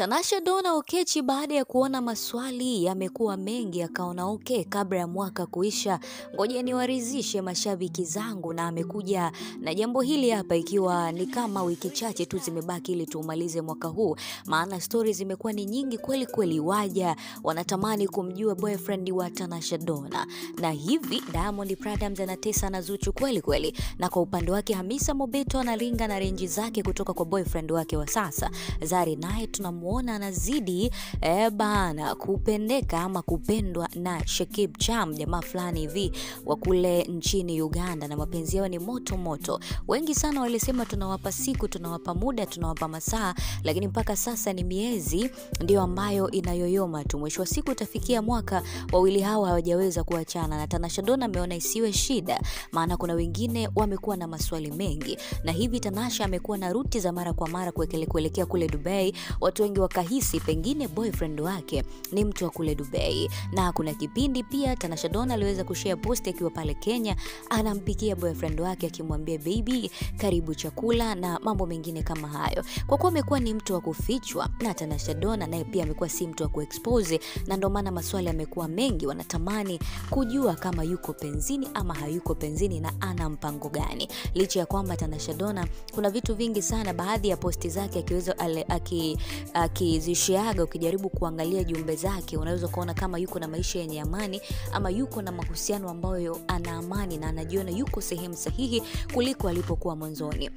Tanasha, Donna Okechi baada ya kuona maswali yamekuwa mengi akaona okay, kabla ya mwaka kuisha, ngoja niwaridhishe mashabiki zangu, na amekuja na jambo hili hapa, ikiwa ni kama wiki chache tu zimebaki ili tuumalize mwaka huu, maana stori zimekuwa ni nyingi kweli kweli, waja wanatamani kumjua boyfriend wa Tanasha Donna, na hivi Diamond Platnumz anatesa na Zuchu kweli kweli, na kwa upande wake Hamisa Mobeto analinga na renji zake kutoka kwa boyfriend wake wa sasa Zari, naye tunamu kumwona anazidi eh, bana kupendeka ama kupendwa na Shekib Cham, jamaa fulani hivi wa kule nchini Uganda, na mapenzi yao ni moto moto. Wengi sana walisema tunawapa siku, tunawapa muda, tunawapa masaa, lakini mpaka sasa ni miezi ndio ambayo inayoyoma tu. Mwisho wa siku utafikia mwaka, wawili hawa hawajaweza kuachana, na Tanasha Dona ameona isiwe shida, maana kuna wengine wamekuwa na maswali mengi, na hivi Tanasha amekuwa na ruti za mara kwa mara kuelekea kule Dubai, watu wengi wengi wakahisi pengine boyfriend wake ni mtu wa kule Dubai. Na kuna kipindi pia Tanasha Donna aliweza kushare post akiwa pale Kenya, anampikia boyfriend wake akimwambia baby, karibu chakula na mambo mengine kama hayo. Kwa kuwa amekuwa ni mtu wa kufichwa na Tanasha Donna naye pia amekuwa si mtu wa kuexpose, na ndio maana maswali yamekuwa mengi, wanatamani kujua kama yuko penzini ama hayuko penzini na ana mpango gani, licha ya kwamba Tanasha Donna kuna vitu vingi sana, baadhi ya posti zake akiweza aki, akizishiaga ukijaribu kuangalia jumbe zake unaweza ukaona kama yuko na maisha yenye amani ama yuko na mahusiano ambayo ana amani na anajiona yuko sehemu sahihi kuliko alipokuwa mwanzoni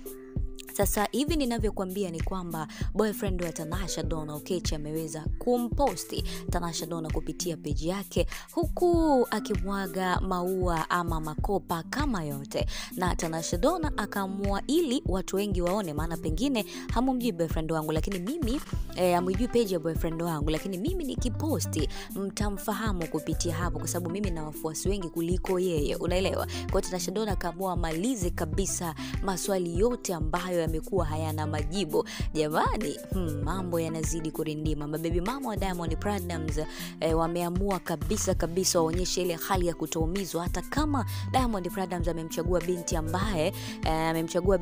sasa hivi ninavyokuambia ni kwamba boyfriend wa Tanasha Donna Okech ameweza kumposti Tanasha Donna kupitia peji yake, huku akimwaga maua ama makopa kama yote, na Tanasha Donna akaamua ili watu wengi waone, maana pengine hamumjui boyfriend wangu, lakini mimi eh, hamujui peji ya boyfriend wangu, lakini mimi nikiposti mtamfahamu kupitia hapo, kwa sababu mimi na wafuasi wengi kuliko yeye, unaelewa. Kwa hiyo Tanasha Donna akaamua amalize kabisa maswali yote ambayo yamekuwa hayana majibu jamani hmm, mambo yanazidi kurindima mabebi mama wa diamond platnams eh, wameamua kabisa kabisa waonyeshe ile hali ya kutoumizwa hata kama diamond platnams amemchagua binti ambaye eh, amemchagua eh,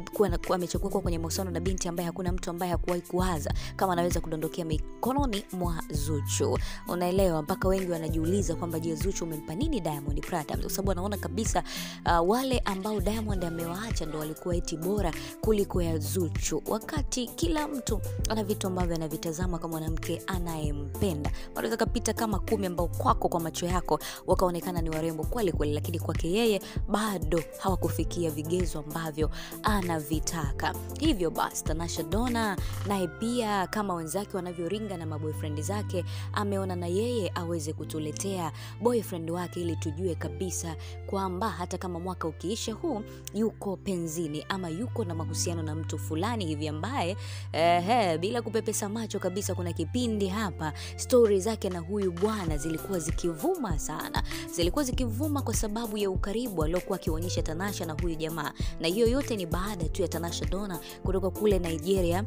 amechagua kuwa kwenye mahusiano na binti ambaye hakuna mtu ambaye hakuwahi kuwaza kama anaweza kudondokea mikononi mwa zuchu unaelewa mpaka wengi wanajiuliza kwamba je zuchu umempa nini diamond platnams kwa sababu anaona kabisa uh, wale ambao diamond amewaacha ndo walikuwa eti bora kuliko ya ya Zuchu, wakati kila mtu ana vitu ambavyo anavitazama kwa mwanamke anayempenda. Wanaweza kapita kama kumi ambao kwako kwa macho yako wakaonekana ni warembo kweli kweli, lakini kwake yeye bado hawakufikia vigezo ambavyo anavitaka. Hivyo basi, Tanasha Dona naye pia kama wenzake wanavyoringa na maboyfriend zake, ameona na yeye aweze kutuletea boyfriend wake ili tujue kabisa kwamba hata kama mwaka ukiisha huu yuko penzini ama yuko na mahusiano na mtu fulani hivi ambaye ehe, bila kupepesa macho kabisa, kuna kipindi hapa stori zake na huyu bwana zilikuwa zikivuma sana, zilikuwa zikivuma kwa sababu ya ukaribu aliokuwa akionyesha Tanasha na huyu jamaa, na hiyo yote ni baada tu ya Tanasha Dona kutoka kule Nigeria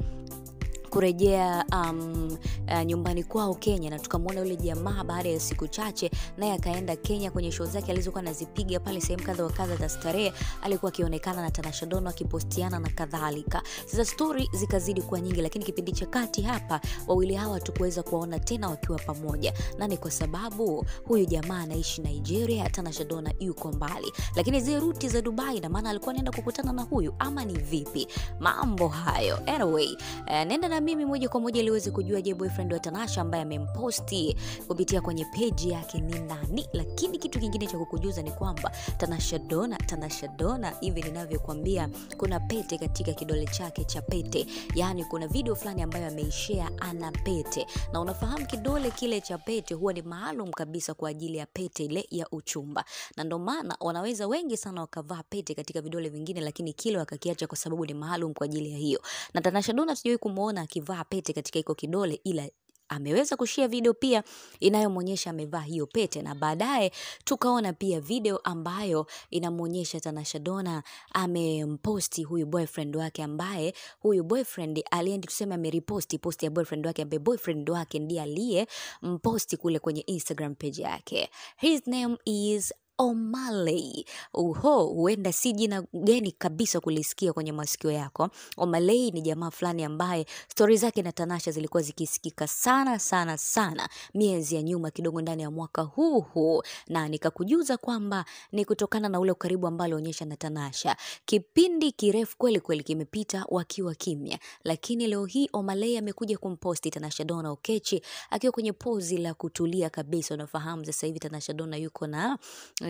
kurejea um, uh, nyumbani kwao Kenya, na tukamwona yule jamaa baada ya siku chache, naye akaenda Kenya kwenye show zake alizokuwa anazipiga pale sehemu kadha wa kadha za starehe, alikuwa akionekana na Tanasha Dono akipostiana na kadhalika. Sasa stori zikazidi kuwa nyingi, lakini kipindi cha kati hapa wawili hawa tukuweza kuwaona tena wakiwa pamoja, na ni kwa sababu huyu jamaa anaishi Nigeria, Tanasha Dona yuko mbali, lakini zile ruti za Dubai, na maana alikuwa anaenda kukutana na huyu ama ni vipi mambo hayo? Anyway, uh, nenda na mimi moja kwa moja liweze kujua je, boyfriend wa Tanasha ambaye amemposti kupitia kwenye peji yake ni nani. Lakini kitu kingine cha kukujuza ni kwamba Tanasha Dona, Tanasha Dona hivi ninavyokuambia, kuna pete katika kidole chake cha pete, yaani kuna video fulani ambayo ameishare ana pete, na unafahamu kidole kile cha pete huwa ni maalum kabisa kwa ajili ya pete ile ya uchumba, na ndo maana wanaweza wengi sana wakavaa pete katika vidole vingine, lakini kile wakakiacha kwa sababu ni maalum kwa ajili ya hiyo. Na Tanasha Dona tujawahi kumuona akivaa pete katika iko kidole ila ameweza kushia video pia inayomwonyesha amevaa hiyo pete, na baadaye tukaona pia video ambayo inamwonyesha Tanasha Donna amemposti huyu boyfriend wake, ambaye huyu boyfriend aliendi tuseme ameriposti posti ya boyfriend wake, ambaye boyfriend wake ndiye aliyemposti kule kwenye Instagram page yake. His name is O'Malley. Uho, huenda si jina geni kabisa kulisikia kwenye masikio yako. O'Malley ni jamaa fulani ambaye stori zake na tanasha zilikuwa zikisikika sana sana sana miezi ya nyuma kidogo ndani ya mwaka huu huu, na nikakujuza kwamba ni kutokana na ule ukaribu ambalo onyesha na Tanasha. Kipindi kirefu kweli kweli kimepita wakiwa kimya, lakini leo hii O'Malley amekuja kumposti Tanasha Dona Okechi akiwa kwenye pozi la kutulia kabisa. Unafahamu sasa hivi Tanasha Dona yuko na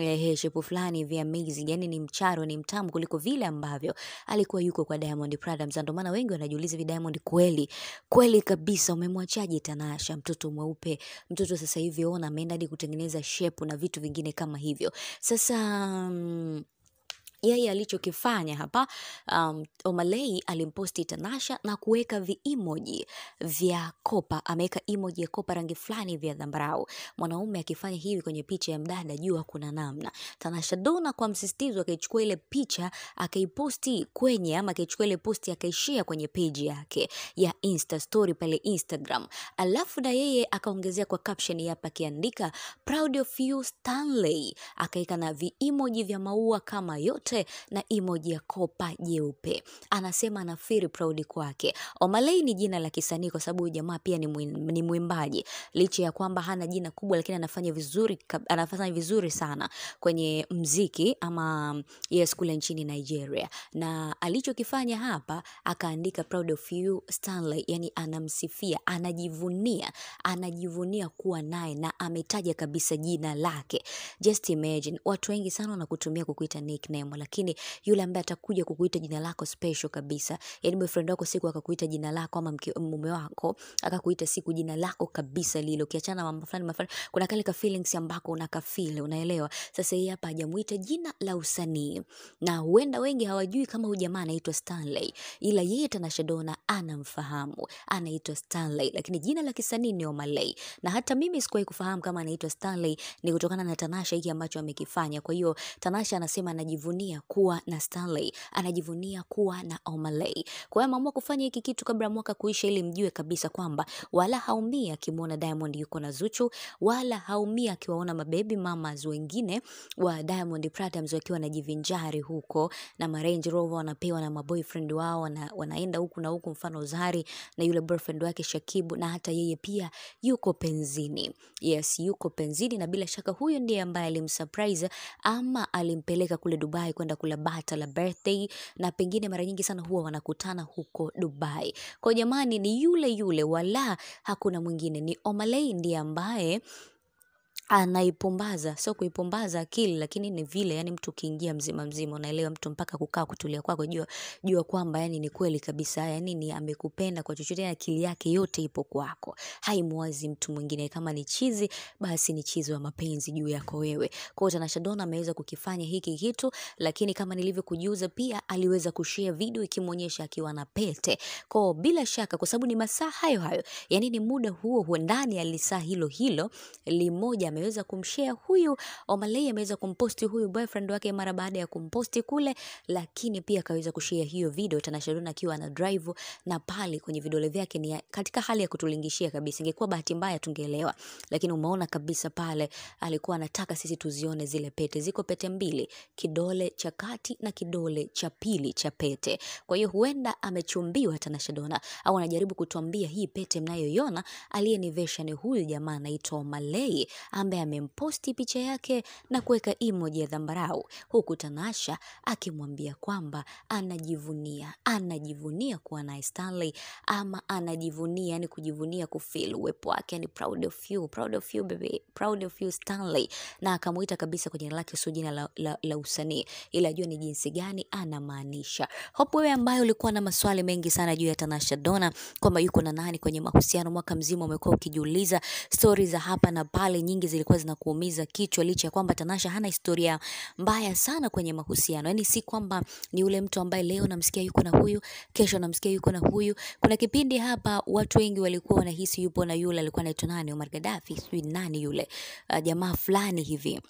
ehe shepu fulani hivi ya amazing, yani ni mcharo, ni mtamu kuliko vile ambavyo alikuwa yuko kwa Diamond Platnumz. Ndio maana wengi wanajiuliza hivi, Diamond kweli kweli kabisa umemwachaje Tanasha, mtoto mweupe, mtoto sasa hivi ona ameenda hadi kutengeneza shepu na vitu vingine kama hivyo. Sasa mm, yeye alichokifanya hapa um, omalei alimposti Tanasha na kuweka viimoji vya kopa. Ameweka emoji ya kopa rangi fulani vya dhambarau. Mwanaume akifanya hivi kwenye picha ya mdada, jua kuna namna. Tanasha Dona kwa msisitizo akaichukua ile picha akaiposti kwenye ama akaichukua ile posti akaishia kwenye peji yake ya Insta story pale Instagram, alafu na yeye akaongezea kwa caption hapa akiandika proud of you Stanley, akaika na viimoji vya maua kama yote yote na emoji ya kopa jeupe. Anasema ana feel proud kwake. Omalay ni jina la kisanii kwa sababu jamaa pia ni, ni mwimbaji licha ya kwamba hana jina kubwa, lakini anafanya vizuri, anafanya vizuri sana kwenye mziki ama yes, kule nchini Nigeria, na alichokifanya hapa akaandika proud of you Stanley, yani anamsifia, anajivunia, anajivunia kuwa naye na ametaja kabisa jina lake. Just imagine watu wengi sana wanakutumia kukuita nickname mnyama, lakini yule ambaye atakuja kukuita jina lako special kabisa, yani boyfriend wako siku akakuita jina lako ama mume wako akakuita siku jina lako kabisa lilo, kiachana mambo fulani mafani, kuna kale ka feelings ambako unakafeel, unaelewa. Sasa hii hapa hajamuita jina la usanii, na huenda wengi hawajui kama huyu jamaa anaitwa Stanley, ila yeye Tanasha Donna anamfahamu, anaitwa Stanley, lakini jina la kisanii ni Omalay, na hata mimi sikuwahi kufahamu kama anaitwa Stanley, ni kutokana na Tanasha hiki ambacho amekifanya. Kwa hiyo Tanasha anasema anajivunia anajivunia kuwa na Stanley, anajivunia kuwa na Omalay. Kwa hiyo ameamua kufanya hiki kitu kabla mwaka kuisha, ili mjue kabisa kwamba wala haumii akimwona Diamond yuko na Zuchu, wala haumii akiwaona mabebi mamas wengine wa Diamond Platnumz wakiwa wanajivinjari huko na marange rover wanapewa na maboyfriend wao, wana, wanaenda huku na huku, mfano Zari na yule boyfriend wake Shakibu, na hata yeye pia yuko penzini. Yes, yuko penzini, na bila shaka huyo ndiye ambaye alimsurprise ama alimpeleka kule Dubai kwenda kula bata la birthday na pengine mara nyingi sana huwa wanakutana huko Dubai. Kwa jamani, ni yule yule, wala hakuna mwingine, ni Omalay ndiye ambaye Anaipumbaza, sio kuipumbaza akili lakini ni vile yani mtu ukiingia mzima mzima unaelewa mtu mpaka kukaa kutulia kwako jua jua kwamba yani ni kweli kabisa yani ni amekupenda kwa chochote yaani akili yake yote ipo kwako. haimwazi mtu mwingine kama ni chizi basi ni chizi wa mapenzi juu yako wewe. Kwa hiyo Tanasha dona ameweza kukifanya hiki kitu lakini kama nilivyokujuza pia aliweza kushare video ikimwonyesha akiwa na pete. Kwa bila shaka kwa sababu ni masaa hayo hayo yani ni muda huo huo ndani ya lisaa hilo hilo limoja ameweza kumshare huyu Omalay ameweza kumposti huyu boyfriend wake mara baada ya kumposti kule, lakini pia akaweza kushare hiyo video Tanasha Donna akiwa ana drive na pale kwenye vidole vyake ni katika hali ya kutulingishia kabisa. Ingekuwa bahati mbaya tungeelewa, lakini umeona kabisa pale alikuwa anataka sisi tuzione zile pete. Ziko pete mbili, kidole cha kati na kidole cha pili cha pete. Kwa hiyo huenda amechumbiwa Tanasha Donna au anajaribu kutuambia hii pete mnayoiona aliyenivesha ni huyu jamaa anaitwa Omalay ambaye amemposti picha yake na kuweka emoji ya dhambarau, huku Tanasha akimwambia kwamba anajivunia, anajivunia kuwa naye Stanley ama anajivunia, yani kujivunia kufeel uwepo wake, yani proud of you, proud of you baby, proud of you Stanley, na akamuita kabisa kwa jina lake, sio jina la, la, la usanii, ila ajua ni jinsi gani anamaanisha. Hope wewe ambaye ulikuwa na maswali mengi sana juu ya Tanasha Dona kwamba yuko na nani kwenye mahusiano, mwaka mzima umekuwa ukijiuliza stori za hapa na pale nyingi zilikuwa zinakuumiza kichwa, licha ya kwamba Tanasha hana historia mbaya sana kwenye mahusiano. Yani si kwamba ni ule mtu ambaye leo namsikia yuko na huyu, kesho namsikia yuko na huyu. Kuna kipindi hapa watu wengi walikuwa wanahisi yupo na yule alikuwa anaitwa nani, Omar Gaddafi, sijui nani yule, uh, jamaa fulani hivi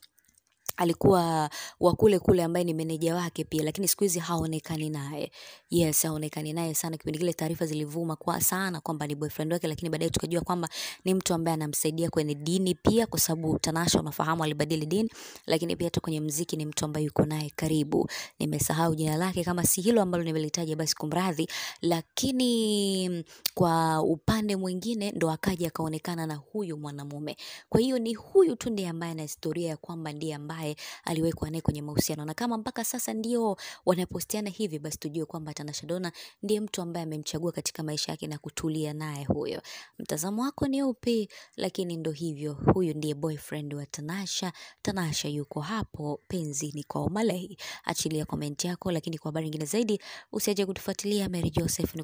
alikuwa wa kule kule ambaye ni meneja wake pia, lakini siku hizi haonekani naye. Yes, haonekani naye sana. Kipindi kile taarifa zilivuma kwa sana kwamba ni boyfriend wake, lakini baadaye tukajua kwamba ni mtu ambaye anamsaidia kwenye dini pia, kwa sababu Tanasha unafahamu alibadili dini, lakini pia hata kwenye mziki ni mtu ambaye yuko naye karibu. Nimesahau jina lake, kama si hilo ambalo nimelitaja basi kumradhi, lakini mm, kwa upande mwingine ndo akaja akaonekana na huyu mwanamume. Kwa hiyo ni huyu tu ndiye ambaye ana historia ya kwamba ndiye ambaye ambaye aliwekwa naye kwenye mahusiano, na kama mpaka sasa ndio wanapostiana hivi, basi tujue kwamba Tanasha Dona ndiye mtu ambaye amemchagua katika maisha yake na kutulia naye huyo. Mtazamo wako ni upi? Lakini ndo hivyo, huyu ndiye boyfriend wa Tanasha. Tanasha yuko hapo penzini kwa Umalei. Achilia komenti yako, lakini kwa habari nyingine zaidi usiache kutufuatilia Mary Joseph.